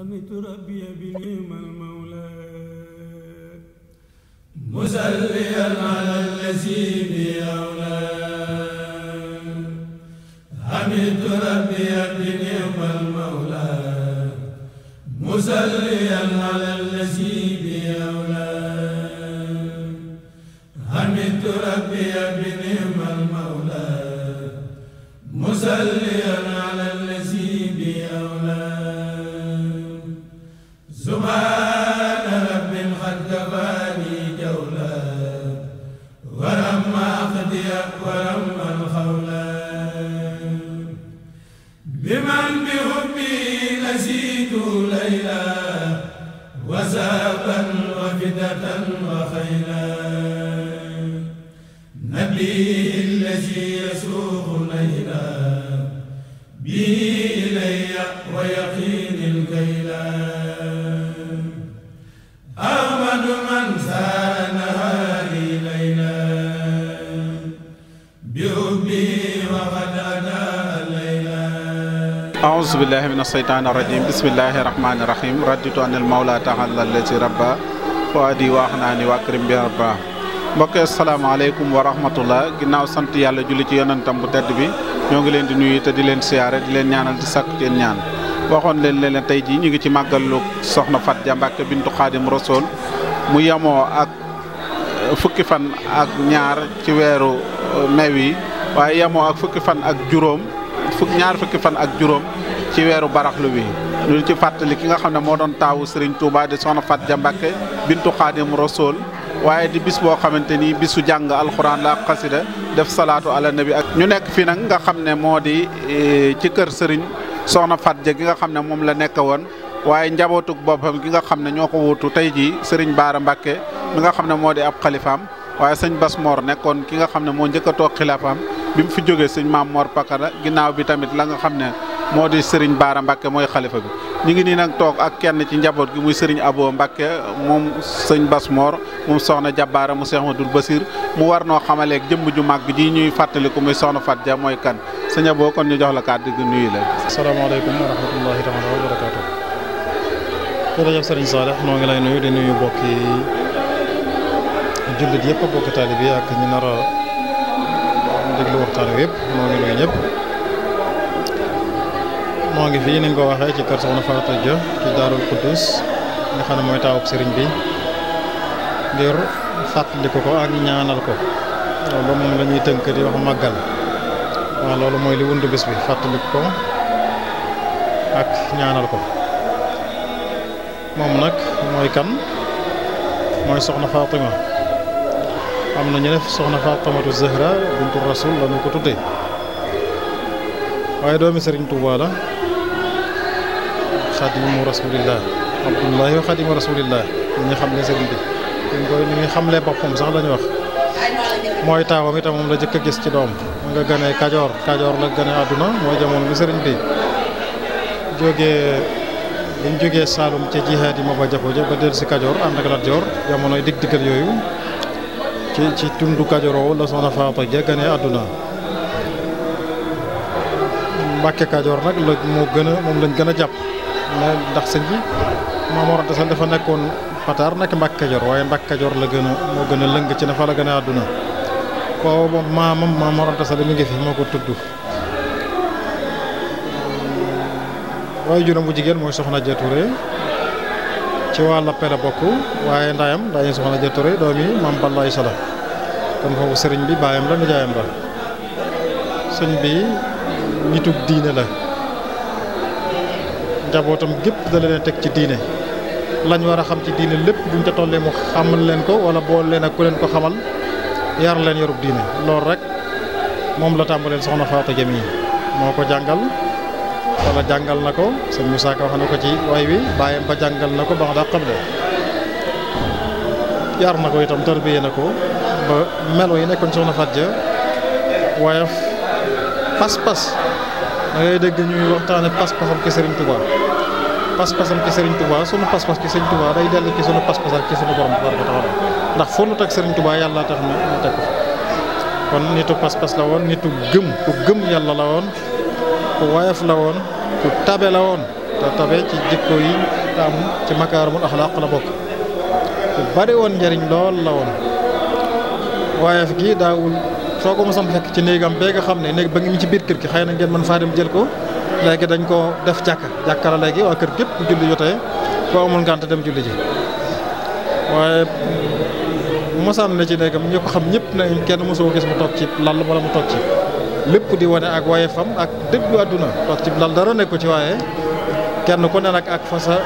حمدت ربي بنعم المولى مسليا على الذي بأولى حمدت ربي بنعم المولى مسليا على min aseytaan irajim bismillahi rahmani rahim raditu anil mawla taala lazi rabba fuadi naa ni waakrim bi rabba mbokk asalaamaaleykum wa rahmatullah ginnaaw sant yàlla julli ci yonentam bu tedd bi ñoo ngi leen di nuyu te di leen siyaare di leen ñaanal di sàkk teen ñaan waxoon leen leen tey jii ñu ngi ci màggalu soxna Fat Dia Mbacke bintu Xaadim Rasool mu yemoo ak fukki fan ak ñaar ci weeru meew yi waaye yemoo ak fukki fan ak juróom fukki fan ak juróom ci weeru baraxlu bi ñu ci fàttali ki nga xam ne moo doon taawu Serigne Touba di soxna Fat Ja Mbàkke bintu Xaadim Rasool waaye di bis boo xamante ni bisu jàng alxuraan la ak xasida def salaatu ala nabi ak ñu nekk fii nag nga xam ne moo di e, ci kër sëriñ soxna Fat Ja gi nga xam ne moom la nekk woon waaye njabootug boppam gi nga xam ne ñoo ko wuutu tey jii sëriñ Baara Mbàkke mi nga xam ne moo di ab xalifaam waaye sëñ Bas Mor nekkoon ki nga xam ne moo njëkk a toog xilaafaam mu fi jógee sëñ Maam Mor Pakala ginnaaw bi tamit la nga xam ne moo di Serigne Baara Mbacke mooy xalifa bi ñu ngi nii nag toog ak kenn ci njaboot gi muy Serigne Abo Mbacke moom sëñ Bas Mor soxna Jabbaara mu Cheikh Madul Basir mu war noo xamaleeg jëmb ju màgg ji ñuy fàttaliku muy soxna Fat Ja mooy kan sëñ Abo kon ñu jox la kàddu gi nuyu la. asalaamaaleykum wa rahmatullahi taala wa barakaatu. jërëjëf Serigne Saleh noo ngi lay nuyu di nuyu bokki jullit yëpp bokki taalibe ak ñi nar a déglu waxtaan wi noo noo ngi fii ni nga ko waxee ci kër Soxna Fatou Dia ci Quddus nga xam ne mooy taawub sëriñ bi ngir fàttaliku ko ak ñaanal ko loolu moom la ñuy tënk di wax màggal waaw loolu mooy li wundu bis bi fàttaliku ko ak ñaanal ko moom nag mooy kan mooy Soxna Fatima am na ñu def Soxna Fatimatu Zahra bintu Rasul la ñu ko waaye doomi Sëriñ Tuubaa xadimu rasulillah abdullahi wa xadimu rasulillah li ñu xam ne sëriñ bi li koy li ñu boppam sax la wax mooy taawam itam moom la jëkk a gis ci doom nga gënee kajoor kajoor la gënee àdduna mooy jamono bi sëriñ bi jógee liñ jógee Saalum ca jihaad yi ba jafo ja ba del si kajoor ànd ak Lat Joor jamonoy dig diggal yooyu ci ci tundu kajooroo la soxna Faata ja gënee àdduna Mbàkke kajoor nag la moo gën a moom lañ gën a jàpp ndax sëñ bi Maam Mor Anta dafa nekkoon Pataar nekk Mbàkke waaye Mbàkke la gën gën a ci ne fa la gën a àdduna koo moom moo ko tudd waaye juróom jigéen mooy Soxna Dia Touré ci waa Lappé bokk waaye ndaayam daañu Soxna Dia Touré doomi Maam Balla foofu sëriñ bi baayam la nijaayam la sëñ bi nituk diine la njabootam gépp da teg ci diine lañu war a xam ci diine lépp buñ ca tollee mu xamal leen ko wala bool leen ak ku leen ko xamal yar leen yorub diine loolu rek moom la tàmbaleel soxna Fatou Jami moo ko jàngal wala jàngal na ko sëñ Moussa Ka wax na ko ci way wi bàyyam ba jàngal na ko ba nga daa xam ne yar na ko itam tarbiye na ko ba melo yi nekkoon soxna Fatou ja waaye pas-pas da ngay dégg ñuy waxtaane pas-pasam ki Sëriñ Tuubaa pas-pasam ci Serigne Touba sunu pas-pas ci Serigne Touba day dellu ci sunu pas-pas ak ci sunu borom tabaaraka taala ndax foo nu teg Serigne Touba yàlla tax na teg kon nitu pas-pas la woon nitu gëm ku gëm yàlla la woon ku woyof la woon ku tabe la woon te tabe ci jikko yi te am ci makaarimul axlaaq la bokk ku bari woon njariñ lool la woon woyof gi daawul soo ko mosam fekk ci néegam bee nga xam ne néeg ba ngi ci biir kër gi xëy na ngeen man faa dem jël ko léegi dañ ko def jàkka jàkka la léegi waa kër gépp bu julli jotee koo amul ngànt dem julli ji waaye mosaan na ci nekkam ñi ko xam ñëpp ne kenn mosoo gis mu toog ci lal wala mu toog ci lépp di wane ak waye fam ak dëggu àdduna toog ci lal dara nekku ci waaye kenn ku ne nag ak fa sa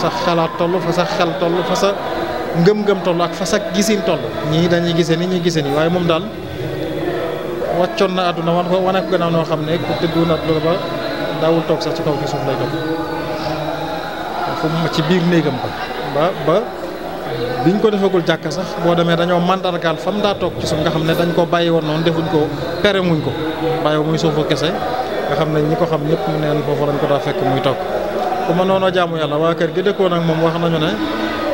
sa xalaat toll fa sa xel toll fa sa ngëm-ngëm toll ak fa sa gisin toll ñii dañuy gisee ni ñuy gisee ni waaye moom daal wàccoon na àdduna wan wane ko gannaaw noo xam ne dëggu na loolu ba daawul toog sax ci kaw ci suuf lay toog fu mu ci biir néegam ko ba ba biñ ko defagul jàkka sax boo demee dañoo mandargaal fam daa toog ci suuf nga xam ne dañ ko bàyyi woon noonu defuñ ko pere muñ ko bàyyi muy suufu kese nga xam ne ñi ko xam ñëpp mu neen foofu lañ ko daa fekk muy toog ku ma noonu jaamu yàlla waa kër gi dëkkoon ak moom wax nañu ne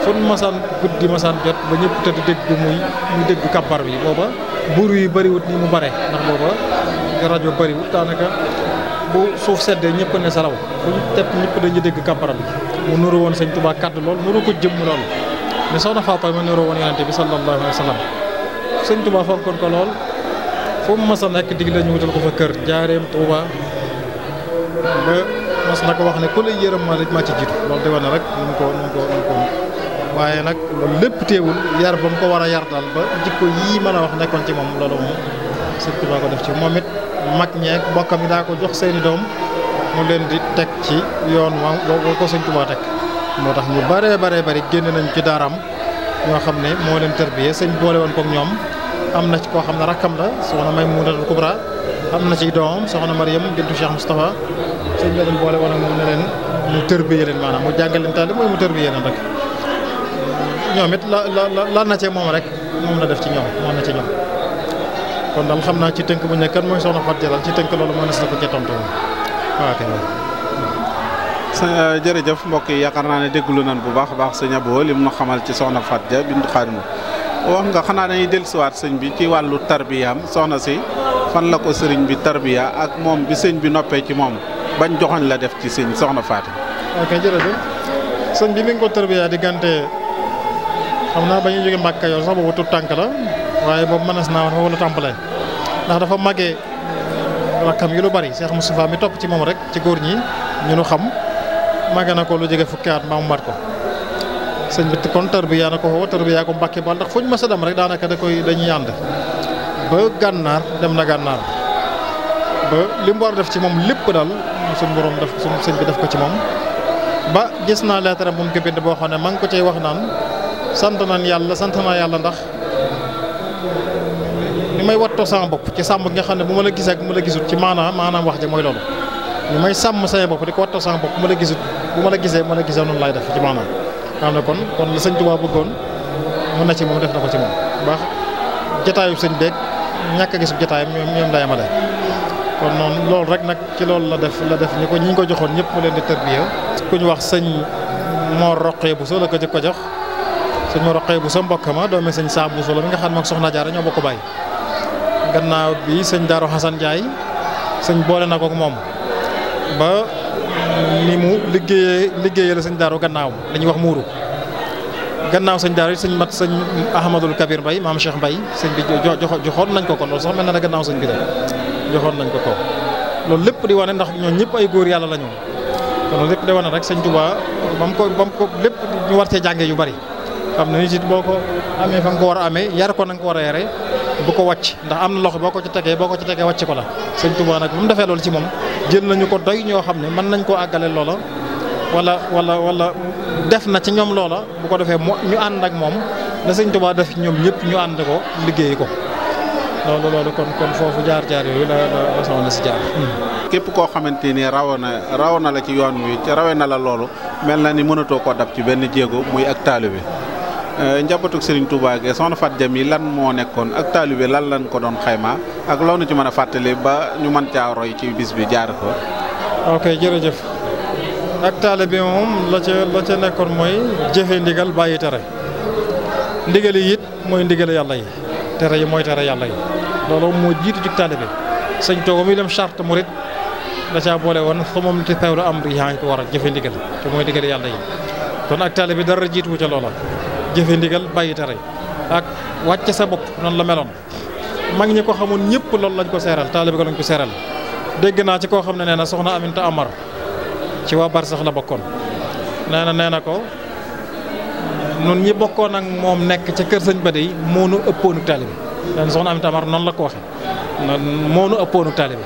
fun masaan guddi masaan jot ba ñëpp tëdd dégg muy muy dégg kàbbar bi booba buur yu bëriwut ni mu bare ndax booba rajo bëriwut daanaka bu suuf seddee ñëpp ne sa raw bu ñu tepp ñëpp dañuy dégg kàbbara bi mu nuru woon sëñ Tuubaa kàddu lool nuru ko jëmm lool mais soxna ma nuru woon yonente bi sallallahu alayhi wa sallam sëñ Tuubaa fonkoon ko lool fu mu mas a nekk digle ñu wutal ko fa kër jaareem Tuubaa ba mas na ko wax ne ku lay yërëm ma ci jiitu loolu de wane rek nu mu ko nu ko waaye nag loolu lépp teewul yar ba mu ko war a yar daal ba jikko yii mën a wax nekkoon ci moom loolu moom sëñ Tuubaa ko def ci moom it mag ñeek mbokkam yi daa ko jox seeni doom mu leen di teg ci yoon wa boo ko sëñ Tuubaa teg moo tax ñu bare bare bari génn nañ ci daaram ñoo xam ne moo leen tërbiyee sëñ boole woon kook ñoom am na ci koo xam ne rakkam la soxna Maymunatul Kubra am na ci doomam soxna Mariam bintu Cheikh Moustapha sëñ la leen boole woon ak moom ne leen mu tërbiyee leen maanaam mu jàngal leen taal mooy mu tërbiyee leen rek ñoom it la la la na cee moom la def ci ñoom moom na ci ñoom kon daal xam naa ci tënk bu nekk kan mooy soxna Fatou Jalal ci tënk loolu moo nes na ko ca tontu waaw euh, jërëjëf mbokk yi yaakaar naa ne déglu nan bu baax a baax sëñ Abo lim na xamal ci soxna Fatou Dia bintu Xaadimu wax nga xanaa dañuy dellusiwaat sëñ bi ci wàllu tarbiyaam soxna si fan la ko sëriñ bi tarbiya ak moom bi sëñ bi noppee ci moom bañ joxoñ la def ci sëñ soxna Fatou. ok jërëjëf sëñ bi mi ngi ko tarbiya xam naa ba ñu jógee Mbàkke Kajoor sax boobu tut tànk la waaye boobu mënees naa wax wala tàmpale ndax dafa màggee mm, rakkam yu lu bari Cheikh Moustapha mi topp ci moom rek ci góor ñi ñu nu xam màggee na ko lu jege fukki at mbaa mu mat ko. sëñ bi kon tarbiya na ko foofu tarbiya ko Mbàkke Bal ndax fu ñu mës a dem rek daanaka da koy dañuy ànd ba gànnaar dem na gànnaar ba li mu war def ci moom lépp daal suñu borom def suñu sëñ bi def ko ci moom ba gis naa leetaram moom ko boo xam ne maa ngi ko cay wax naan. sant nañ yàlla sant yàlla ndax li may wattoo sama bopp ci sàmm nga xam ne bu ma la gisee ak ma la gisut ci maanaam maanaam wax ji mooy loolu li may sàmm sama bopp di ko wattoo sama bopp bu ma la gisut bu ma la gisee bu ma la gisee noonu laay def ci maanaam xam ne kon kon la sëñ Tuubaa bëggoon mën na ci moom def na ko ci moom baax jataayu sëñ beeg ñàkk a gis jataayam ñoom day amale kon noonu loolu rek nag ci loolu la def la def ni ko ñi ñu joxoon ñëpp mu leen di ñu wax sëñ Mor Roqee bu soo la ko ko jox sëñ Mor Roqee bu sa mbokk ma doomi sañ Saa Buso la nga xam ne ak soxna Jaara ñoo bokk baay gannaaw bi sëñ Daaru Xasan Jaay sëñ boole na ko moom ba ni mu liggéeyee liggéeyee la sëñ Daaru gannaaw la ñuy wax muuru gannaaw sëñ Daaru it sëñ mat sëñ Ahmadul Kabir Mbay maam Cheikh Mbay sëñ bi joxoon nañ ko kon loolu sax mel na ne gannaaw sëñ bi de joxoon nañ ko ko loolu lépp di wane ndax ñoo ñëpp ay góor yàlla la ñu kon lépp di wane rek sañ Tuubaa ba ko ba ko lépp ñu war cee jàngee yu bari xam ne nit it boo ko amee fa nga ko war a amee yar ko na nga ko war a yare bu ko wàcc ndax am na loxo boo ko ci tegee boo ko ci tegee wàcc ko la sëñ Tuubaa nag bu mu defee loolu ci moom jël nañu ko doy ñoo xam ne mën nañ koo àggale loola wala wala wala def na ci ñoom loola bu ko defee ñu ànd ak moom la sëñ Tuubaa def ñoom ñëpp ñu ànd ko liggéey ko loolu loolu kon kon foofu jaar jaar yooyu la la soxna si jaar. Hmm. képp koo xamante ni rawoon na rawoon na la ci yoon wi ci na la loolu mel na ni mënatoo koo dab ci benn jéego muy ak taalibe bi Euh, njabootu Serigne Touba ge soxna Fatou Jam yi lan moo nekkoon ak taalibe lan lan ko doon xayma ak loolu ci mën a fàttali ba ñu man caa roy ci bis bi jaar ko. ok jërëjëf ak taalibe moom la ca la ca nekkoon mooy jëfe ndigal bàyyi tere ndigal yi it mooy ndigal yàlla yi tere yi mooy tere yàlla yi loolu moo jiitu ci taalibe sëñ Touba mi dem charte murit da caa boole woon fa moom ci teewlu am yaa ko war a jëfe ndigal te mooy ndigal yàlla yi kon ak taalibe dara jiitu ca loola. jëfe ndigal bàyyi tere ak wàcce sa bopp noonu la meloon mag ñi ko xamoon ñëpp loolu lañ ko seeral taalibe ko lañ ko seeral dégg naa ci koo xam ne nee na soxna Aminta Amar ci waa barsax la bokkoon nee na nee na ko nun ñi bokkoon ak moom nekk ca kër sañ ba dey moo nu ëppoonu taalibe nee na soxna Aminta Amar noonu la ko waxe moo nu ëppoonu taalibe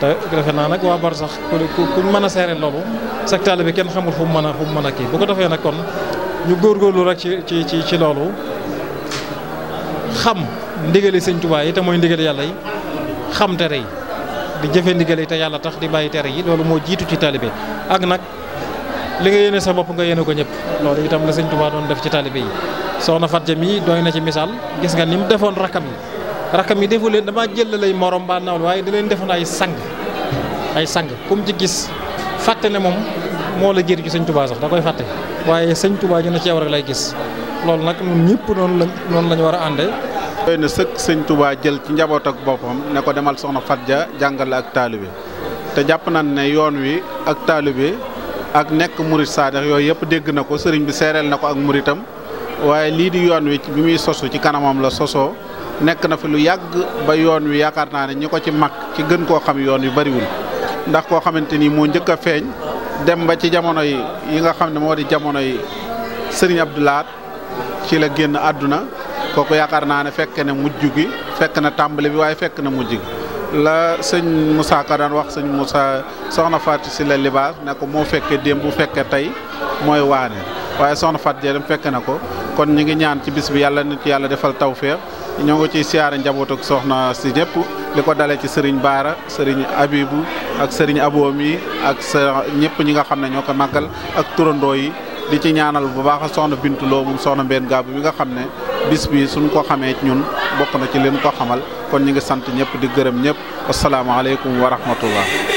te defe naa nag waa sax ku ku mën a seere loolu sa taalibe kenn xamul fu mu mën a fu mu mën a kii bu ko defee nag kon ñu góorgóorlu rek ci ci ci ci loolu xam ndigali sëñ Tuubaa yi te mooy ndigali yàlla yi xam tere yi di jëfe ndigali te yàlla tax di bàyyi tere yi loolu moo jiitu ci taalibe ak nag li nga yéene sa bopp nga yéene ko ñëpp loolu itam la sëñ Tuubaa doon def ci taalibe yi soxna Fatou mi doy na ci misaal gis nga ni mu defoon rakkam yi rakkam yi defu leen damaa jël lay morom ba nawlu waaye da leen defoon ay sang ay sang kum ci gis fàtte ne moom moo la jëriñu sëñ Touba sax da koy fàtte waaye sëñ Touba ñu ne ci lay gis loolu nag ñun ñëpp noonu lañ noonu la war a àndee. doy na sëkk sëñ Touba jël ci njaboot ak boppam ne ko demal soxna Fatja jàngal ak taalibe te jàpp nañ ne yoon wi ak taalibe ak nekk murit saadix yooyu yëpp dégg na ko sëriñ bi seereel na ko ak muritam waaye lii di yoon wi bi muy sosu ci kanamam la sosoo nekk na fi lu yàgg ba yoon wi yaakaar naa ne ñi ko ci mag ci gën koo xam yoon wi bariwul ndax koo xamante ni moo njëkk a feeñ. dem ba ci jamono yi yi nga xam ne moo di jamono yi Serigne Abdou ci la génn àdduna kooku yaakaar naa ne fekk ne mujj gi fekk na tàmbali bi waaye fekk na mujj gi la sëñ Moussa Ka daan wax sëñ Moussa soxna Fatou si la libaas ne ko moo fekkee démb bu fekkee tey mooy waane waaye soxna Fatou Dieng fekk na ko kon ñu ngi ñaan ci bis bi yàlla ci yàlla defal tawféex ñoo ngi ciy siyaare njaboot ak soxna si ñëpp. li ko dalee ci sëriñ Baara sëriñ Abibu ak sëriñ Aboom yi ak sa ñi nga xam ne ñoo ko màggal ak turandoo yi di ci ñaanal bu baax a soxna Bintu Lo moom soxna Mbène Gàbbu mi nga xam ne bis bi suñ ko xamee ñun bokk na ci leen ko xamal kon ñu ngi sant ñëpp di gërëm ñëpp asalaamaaleykum wa rahmatullah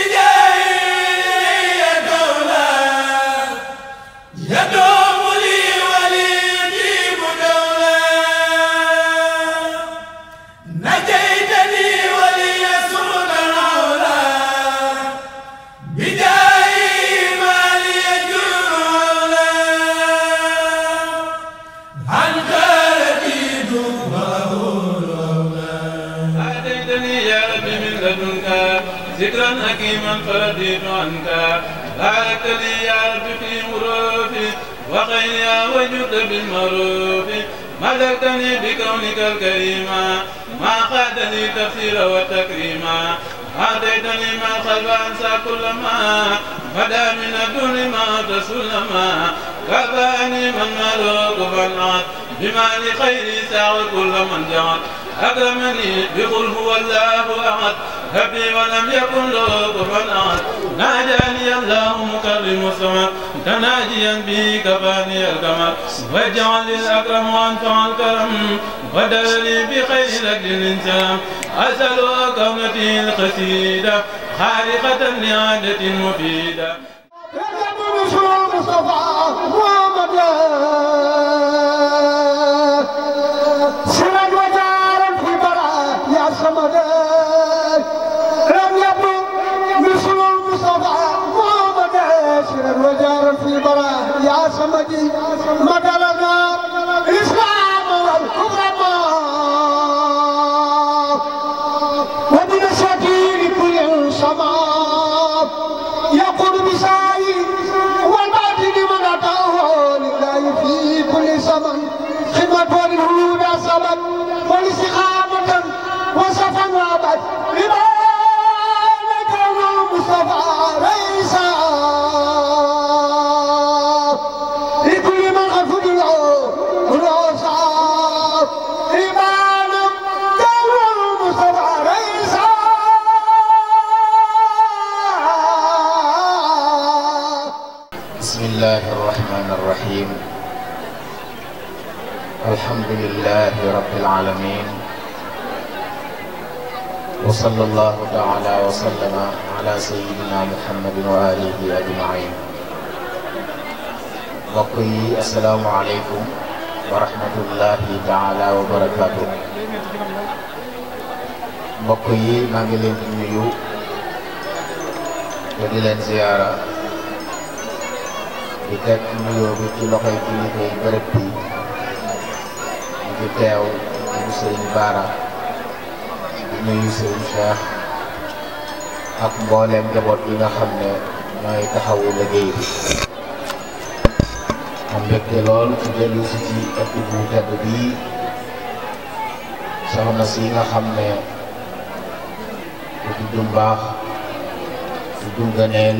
دين عنك بارك لي يا رب في مروفي وخير يا وجود بالمروف ملكتني بكونك الكريم ما قادني تفسير وتكريما أعطيتني ما خلف أنسى كل ما بدا من الدون ما تسلما كفاني من ملوك فالعط بما لخير ساعة كل من جعل أكرمني بقل هو الله أحد هبي ولم يكن له كفوا احد ناجاني الله مكرم السماء تناجيا به كفاني الكمال واجعل الاكرم وانفع الكرم بدل لي بخير اجل سلام اسال كونتي القصيده خارقه لعاده مفيده مصطفى محمد yaa sama ji ma رب العالمين وصلى الله تعالى وسلم على سيدنا محمد وآله أجمعين وقي السلام عليكم ورحمة الله تعالى وبركاته mbokk yi maa ngi leen di nuyu te di leen ziyaara di teg nuyoo bi ci loxoy kilifa yi bërëb bi fi teew bu sëriñ Baara di nuyu sëriñ Cheikh ak mbooleem njaboot bi nga xam ne ñooy taxawu liggéey bi am mbégte lool ci dellu si ci ëtt bu tedd bii soxna si nga xam ne ku baax mbaax tudd ngëneel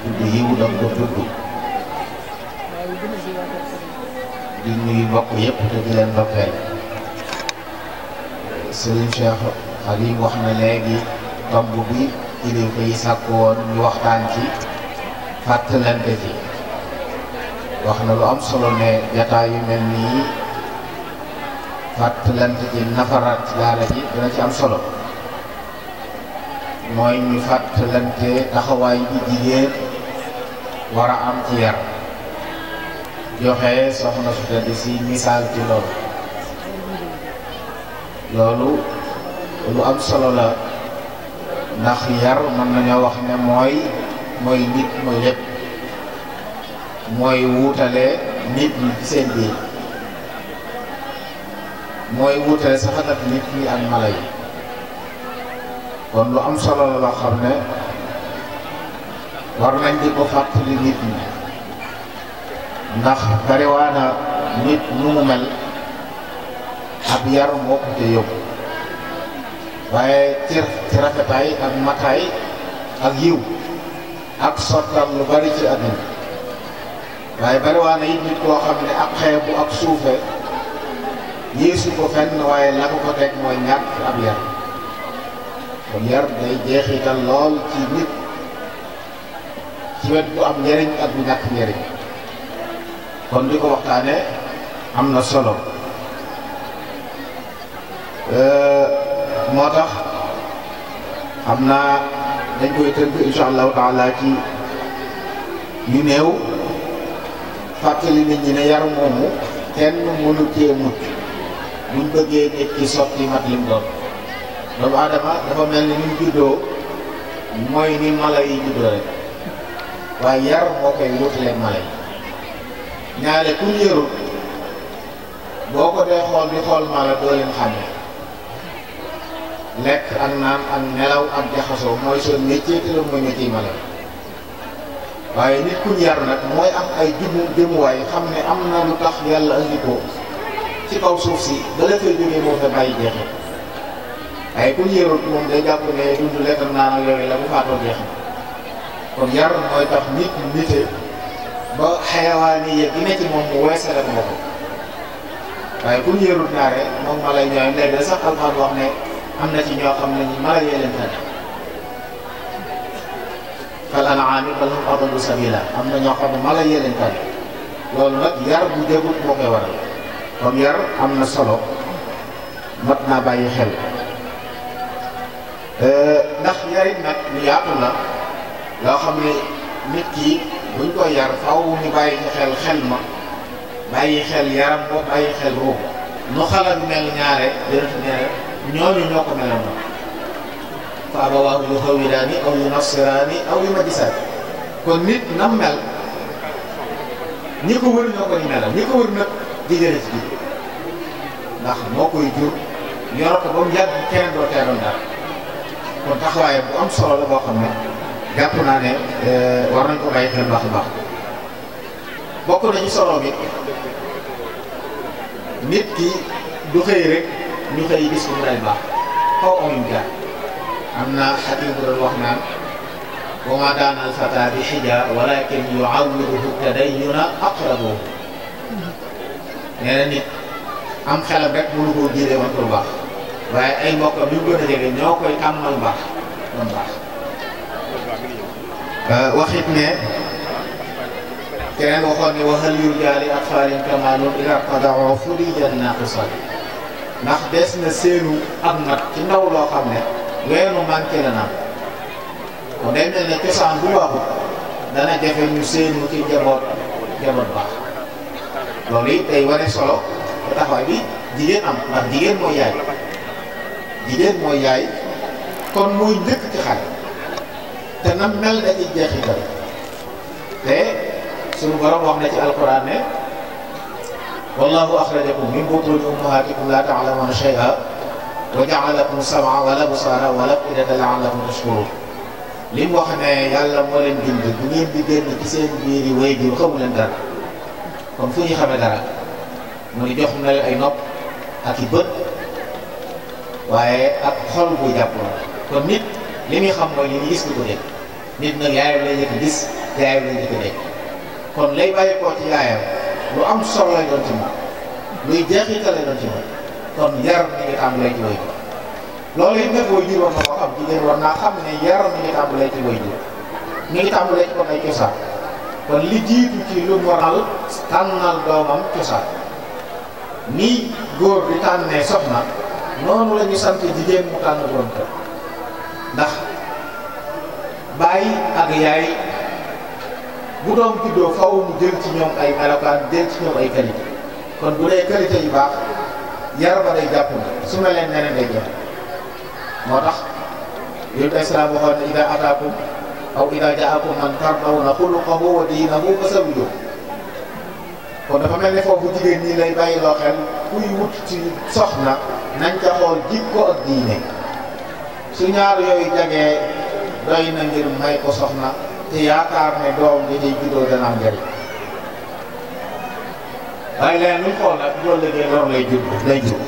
tudd yiw danga ko tudd di nuyu bokk yépp te di leen ndokkeel sëriñ Cheikh Xalim wax na léegi tomb bi kilifa yi sàkk woon ñu waxtaan ci fàttalante ci wax na lu am solo ne jataay yu mel nii fàttalante ci nafaraat daara ji dana ci am solo mooy ñu fàttalante taxawaay bi jigéen war am ci yar joxe soxna su tedd si misaal ci loolu loolu lu am solo la ndax yar mën nañoo wax ne mooy mooy nit mooy lépp mooy wuutale nit ñi ci seen biir mooy wuutale saxanat nit ñi ak mala yi kon lu am solo la loo xam ne war nañ di ko fàttali nit ñi ndax bariwaana nit nu mu mel ab yar moo ko yóbbu waaye ci ci rafetaay ak mataay ak yiw ak sottal lu bari ci àdduna waaye bariwaana it nit koo xam ne ak xeebu ak suufe yéesu ko fenn waaye la ko teg mooy ñàkk ab yar kon yar day jeexital lool ci nit ci wet bu am njëriñ ak bu ñàkk njëriñ kon di ko waxtaane am na solo euh, moo tax xam naa dañ koy tënk insha allahu taala ci yu néew fàttali nit ñi ne yar moomu kenn mënu cee mucc buñ bëggee nit ki sotti mat lim doon doomu aadama dafa mel ni ñu juddoo mooy ni mala yi juddoo rek waaye yar moo koy wutaleeg mala yi ñaare ku mu boo ko dee xool di xool mala doo leen xàmme lekk ak naan ak nelaw ak jaxasoo mooy seen métier te loolu mooy métier mala waaye nit ku yar nag mooy am ay jubbu jëmuwaay xam ne am na lu tax yàlla andi ko ci kaw suuf si bala fee jógee moo waaye ku moom day jàpp ne dund lekk naan ak yooyu la bu faatoo jeexee kon yar mooy tax nit nite ba xeewaani yi ne ci moom mu weesale ma waaye ku ñu yorut naare moom mala yi ñooy léegi sax alxames wax ne am na ci ñoo xam ne ñu mala yee leen tane am na ñoo xam ne mala yee leen tane loolu nag yar bu dégut moo koy waral comme yar am na solo mat naa bàyyi xel euh, ndax yarit nag lu la loo xam ne nit ki. buñ koy yar faw ñu bàyyi xel xel ma bàyyi xel yaram ba bàyyi xel ruux nu xalaat mel ñaare jërëjëf ñaare ñooñu ñoo ko meloon fa abawaahu yuxawwidaani aw yunassiraani aw yumajjisaani kon nit nam mel ñi ko wër ñoo ko melal ñi ko wër nag di jërëjëf ji ndax moo koy jur yor ko ba mu yàgg keneen doo teeloon daal kon taxawaayam bu am solo la koo xam ne. jàpp naa ne euh, war nañ ko bàyyi xel baax a baax bokk nañu solo bi nit ki du xëy rek ñu xëy gis ko mu day baax xaw amuñ jaar am na xatim bu doon wax naan wa ma daana alfata bi xija walakin yuawiruhu tadayyuna aqrabuhu am xelam rek mënu koo jëlee woon lu baax waaye ay mbokkam yu gën a jege ñoo koy tàmmal baax doon baax Euh, waxit ne keneen waxoon ne waxal yurjaa li atfaalin kamaalun ila qadaoo furijan naaqisan ndax des na seenu am nag ci ndaw loo xam ne weenu manqué la naam kon day mel ne bu waxut dana jafe ñu seenu ci njaboot njaboot baax loolu day wane solo te taxawaay bi jigéen am ndax jigéen mooy yaay jigéen mooy yaay kon muy njëkk ci xale te nam mel da ci jeexital te suñu borom wax na ci alquran ne wallahu axrajakum min butuni ummahatikum la taalamuna shay'a wa jaalakum samaa wala busara wala afidata laalakum tashkurun li mu wax ne yàlla moo leen bind bu ngeen di génn ci seen biir yi way bi xamu leen dara kon fu ñu xamee dara mu ni jox na leen ay nopp ak i bët waaye ak xol bu jàpp kon nit li muy xam mooy li ñu gis di ko dégg nit nag yaayam lay njëkk gis yaayam lay njëkk dégg kon lay bàyyi koo ci yaayam lu am solo lay doon ci moom luy jeexital lay doon ci moom kon yar mi ngi tàmbalee ci way jur loolu it nag way jur war na ko xam jigéen war naa xam ne yar mi ngi tàmbalee ci way jur mi ngi tàmbalee ci kon ay cosaan kon li jiitu ci lu moral tànnal doomam cosaan nii góor bi tànnee soxna noonu la ñu sant jigéen mu tànn borom kër baay ak yaay bu doom juddoo faw mu ci ñoom ay melokaan jël ci ñoom ay qualité kon bu dee qualité yu baax yar ba day jàpp su ma leen neneen day moo tax yooyu islaam waxoon na ida ataakum aw ida jaakum man tardawna xuluqahu wa diinahu fa zawwijuuhu kon dafa mel ne foofu jigéen ñi lay bàyyi loo xel kuy wut ci soxna nañ ca xool jikko ak diine su ñaar yooyu jagee doy na ngir may ko soxna te yaakaar ne doom bi day juddoo dana am njëriñ leen lu xool nag loolu léegi loolu lay jur lay jur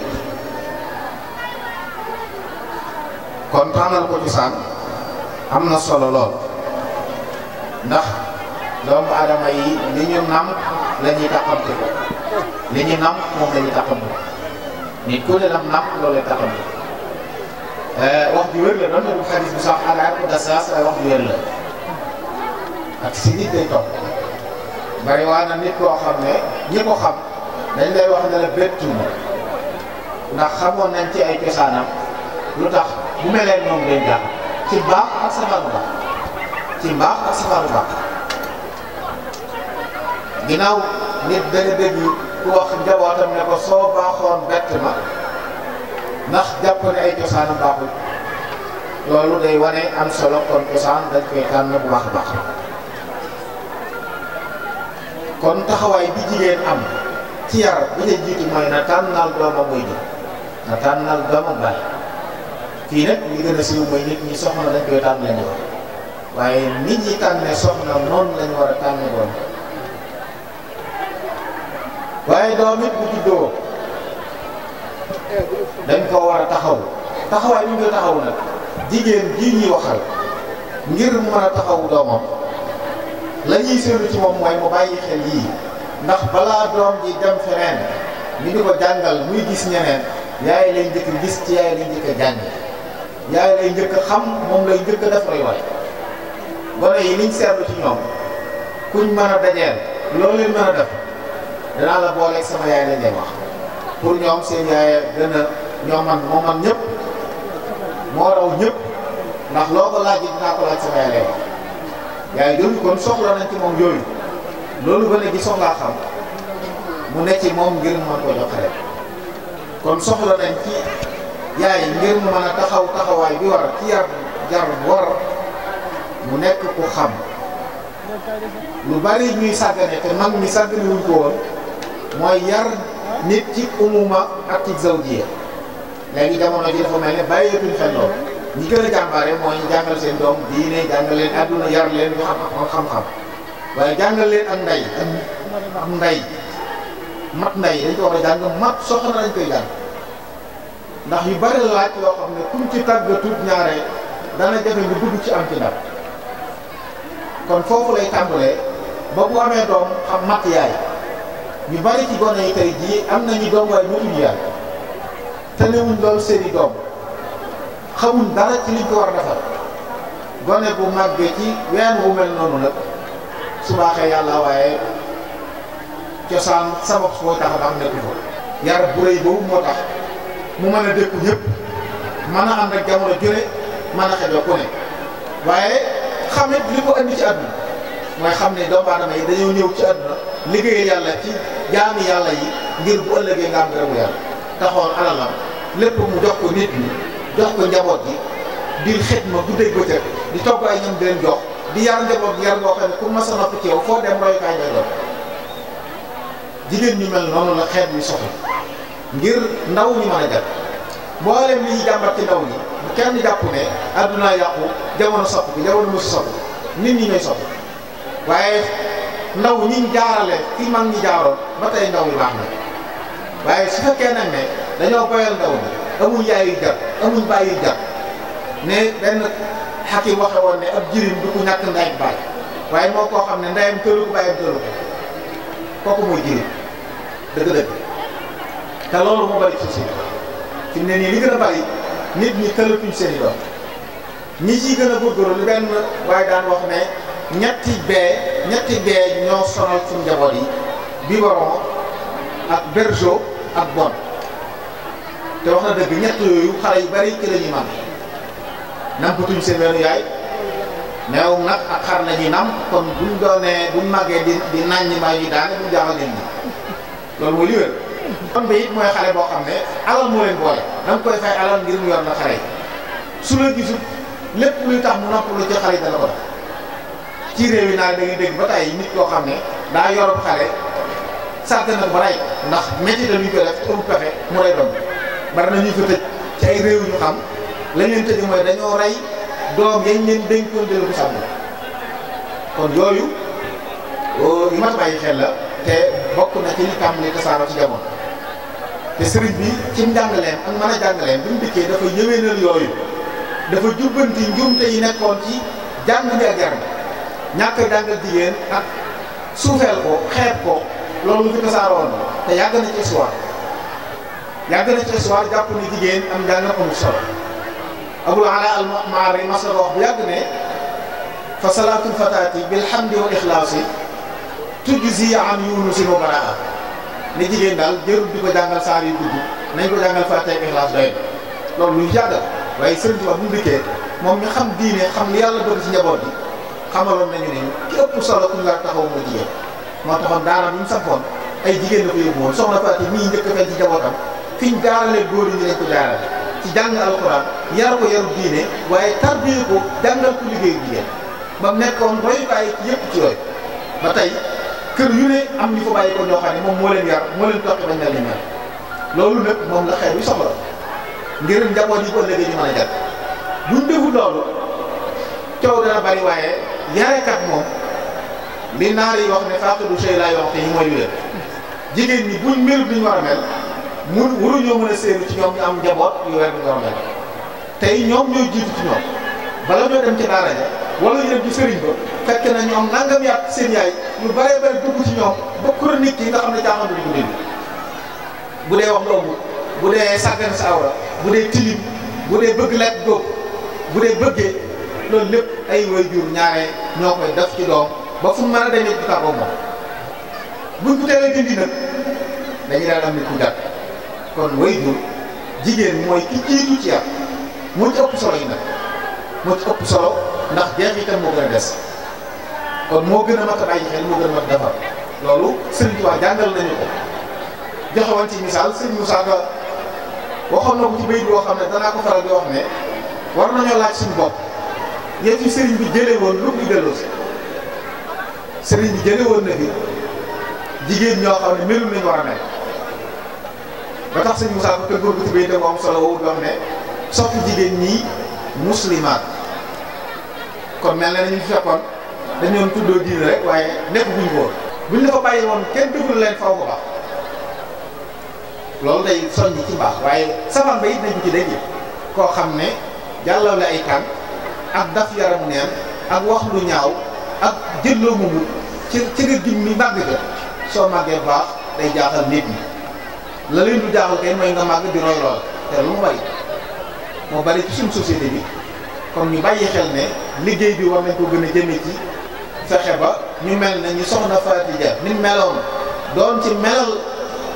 kon tànnal ko cosaan am na solo lool ndax doomu aadama yi li ñu nam la ñuy ko li ñu nam moom la ñuy taxamte nit ku ne nam loolu lay Eh, wax ju wér la doon bu xadis bu sax alaar bu dasaas ay eh, wax ju la ak si nit day topp bari nit koo xam ne ñi ko xam dañ lay wax ne la bettuma ndax xamoon nañ ci ay cosaanam lu tax bu meleen moom dañ jàpp ci baax ak safaanu baax ci mbaax ak safaanu baax ginnaaw nit dana dégg ku wax njabootam ne ko soo baaxoon bett ma ndax jàpp ne ay cosaanam baaxul loolu day wane am solo kon cosaan dañ koy tànn bu baax a baax kon taxawaay bi jigéen am ci yar bi lay jiitu mooy na tànnal doomam muy na tànnal doomam baay fii nag li gën a siiw mooy nit ñi soxna dañ koy tànn lañu wax waaye nit ñi tànne soxna noonu lañu war a tànn doom waaye doom bu juddoo dañ koo war a taxaw taxawaay ñu ngi taxaw nag jigéen jii ñuy waxal ngir mën a taxaw doomam la ñuy ci moom mooy mu bàyyi xel yii ndax balaa doom ji dem feneen ñu di ko jàngal muy gis ñeneen yaay lay njëkk gis ci yaay lay njëkk a yaay lay njëkk xam moom lay njëkk def lay wax gone yi liñ seetlu ci ñoom kuñ mën a dajeel loolu leen mën a def danaa la booleeg sama yaay lañ lay pour ñoom seen yaay gën a ñoo man moo man ñëpp moo raw ñëpp ndax loo ko laaj dinaa ko laaj sama yaay yaay jooju kon soxla nañ ci moom yooyu loolu ba léegi soxlaa xam mu ne moom ngir mu mën ko jox rek kon soxla nañ ci yaay ngir mu mën a taxaw taxawaay bi war ci yar jar war mu nekk ku xam lu bari ñuy sàggane te mag ñi sàggane ko woon mooy yar. nit ci umuma ak ci zawjiya léegi jamono ji dafa mel ne bàyyeetuñ xel lool ñi gën a jàmbaare mooy ñu jàngal seen doom diine jàngal leen àdduna yar leen ñu xam xam-xam waaye jàngal leen ak ndey ak ndey mat ndey dañ ko war a jàng mat soxna lañ koy jàng ndax yu bari laaj loo xam ne kuñ ci tàggatut ñaare dana jafe ñu dugg ci am ci ndam kon foofu lay tàmbalee ba bu amee doom xam mat yaay ñu bari ci gone yi tey jii am nañu doom waaye mënuñu yar te newuñ loolu seeni doom xamuñ dara ci ko war a defar gone bu màggee ci ween wu mel noonu nag su yàlla waaye cosaan sabab boo tax ba nekku fa yar bu rëy boobu moo tax mu mën a dëkku ñëpp mën a ànd ak jamono jëre mën a xejoo ku ne waaye xamit li ko andi ci àdduna mooy xam ne doomu aadama yi dañoo ñëw ci àdduna liggéeyal yàlla ci jaami yàlla yi ngir bu ëllëgee nga am ngërëmu yàlla taxoon alalam lépp mu jox ko nit ñi jox ko njaboot gi di xitma guddeeg bëccëg di togg ay ñam jox di yar njaboot gi yar ngoo xam ne pour ma sa nopp ci yow foo dem royukaay ngay doon jigéen ñu mel noonu la xeet yu soxla ngir ndaw ñu mën a jàpp mboolem li ñuy jàmbat ci ndaw ñi bu kenn jàpp ne àdduna yàqu jamono sopp bi jamono mosu sopp nit ñi ñooy sopp waaye ndaw ñiñ jaarale fi mag ñi jaaroon ba tey ndaw yi baax na waaye su fekkee nag ne dañoo boyal ndaw ñi amuñ yaay yu jar amuñ baay yu jar ne benn xakim waxe woon ne ab jirim du ko ñàkk ndey ak waaye moo koo xam ne ndeyam tëlu ko baayam tëlu ko kooku mooy jirim dëgg-dëgg te loolu moo bari ci si fi ne nii li gën a bari nit ñi tëlatuñ seen i doom ñi ci gën a góorgóorlu li benn waaye daan wax ne ñetti bee ñetti bee ñoo sonal suñu njaboot yi biberon ak bergeau ak bon te wax na dëgg ñett yooyu xale yu bari ci la ñu mën nampatuñ seen weenu yaay neew nag ak xar nañu nam kon buñ doonee bu màggee di di naññ maa yi daane buñ jaaxal nit ñi loolu mooy li mooy xale boo xam ne alal moo leen boole danga koy fay alal ngir mu yor na xale yi su la gisul lépp luy tax mu noppalu ci xale yi dana ko def ci réew yi naa da ngay dégg ba tey nit koo xam ne daa yorub xale sàrte na ba rey ndax métier la ñu ko def amul pexe mu rey doom bari na ñu fa tëj ci ay réew ñu xam lañ leen tëj mooy dañoo rey doom yañ leen dénkoon déllu ko sàmm kon yooyu oh, yu mat bàyyi xel la te bokk na ci li tàmbali tasaaroo ci jamono te sëriñ bi ci njàngaleem ak mën a jàngaleem bi mu dikkee dafa yëwénal yooyu dafa jubbanti njuumte yi nekkoon ci jàng bi ñàkk a jàngal jigéen ak suufeel ko xeet ko loolu lu fi te yàgg na ci histoire yàgg na ci histoire jàpp ni jigéen am njàng amul solo abul ala al maari mas bu yàgg ne fa salaatul fataati bilhamdi wa ixlaasi tujzi an yunusin wa baraa ne jigéen daal jërul di ko jàngal saar yu gudd ko jàngal fa ak ixlaas doy loolu luy jàggal waaye sëriñ Tuubaa bu mu dikkee moom mi xam diine xam li yàlla bëgg si njaboot bi xamaloon nañu ne ki ëpp solo ku ñu war taxaw mooy jigéen moo taxoon daara bi ñu sampoon ay jigéen la ko yóbbu woon soxna Faati mii njëkk a ci jabootam fi ñu góor ñi lañ ko jaarale ci jàng alxuraan yar ko yaru diine waaye tarbiye ko jàngal ko liggéeyu jigéen ba mu nekkoon royukaay ci yëpp ci ba tey kër yu ne am ni fa bàyyi ko ñoo xam ne moom moo leen yar moo leen toqi bañ na leen loolu nag moom la xeet wi soxla ngir njaboot yi ko léegi ñu jaaykat moom li naar yi wax ne fàqdu sey laa yoxte yi mooy wér jigéen ñi buñ melut ni ñu war a mel mun waruñoo mën a séenu ci ñoom ñu am njaboot yu weer bi war a mel tey ñoom ñooy jiitu ci ñoom bala ñoo dem ci daara ja wala ñu dem ci sëriñ ba fekk na ñoom nangam yàq seen yaay ñu bare bare dugg ci ñoom ba chronique yi nga xam ne caaxaan duñ ko bu dee wax loolu bu dee sàggan sa awra bu dee tilim bu dee bëgg lekk góob bu dee bëggee loolu lépp ay waajur ñaare ñoo koy def ci doom ba fu mu mën a demee du tàggoo moom buñ ko dindi nag dañuy daal am nit ku jàpp kon waajur jigéen mooy ki jiitu ci moo ci ëpp solo yi nag moo ci ëpp solo ndax jeexitam moo gën a des kon moo gën a mat a bàyyi xel moo gën a defar loolu Sëriñ Tuubaa jàngal nañu ko joxewoon ci misaal Sëriñ Musaa Ka waxoon na ko ci bayit boo xam ne danaa ko faral di wax ne war nañoo laaj suñu bopp. yéen ci sëriñ bi jëlee woon lu mu delloo si sëriñ bi jëlee woon na fi jigéen ñoo xam ne melul nañu war a mel ba tax sëñ Moussa ko ko ci béy solo woowu dox ne soppi jigéen ñi muslimaat kon mel na ñu fi fekkoon dañu doon tuddoo diine rek waaye nekk buñ ko woon buñ la fa bàyyi woon kenn dëggul leen faw ko baax loolu day soññ ci baax waaye saban ba it nañu ci dégg koo xam ne jàllaw ay kan ak daf yaram neen ak wax lu ñaaw ak jël loo mënul ci ci nga gis ni màgg ga soo màggee baax day roy lool te lu mu bari moo bari ci suñ société bi kon ñu bàyyi xel ne liggéey bi war nañ ko gën a jëme ci fexe ba ñu mel ne ñu soxna Fatou Diagne ni meloon doon ci melal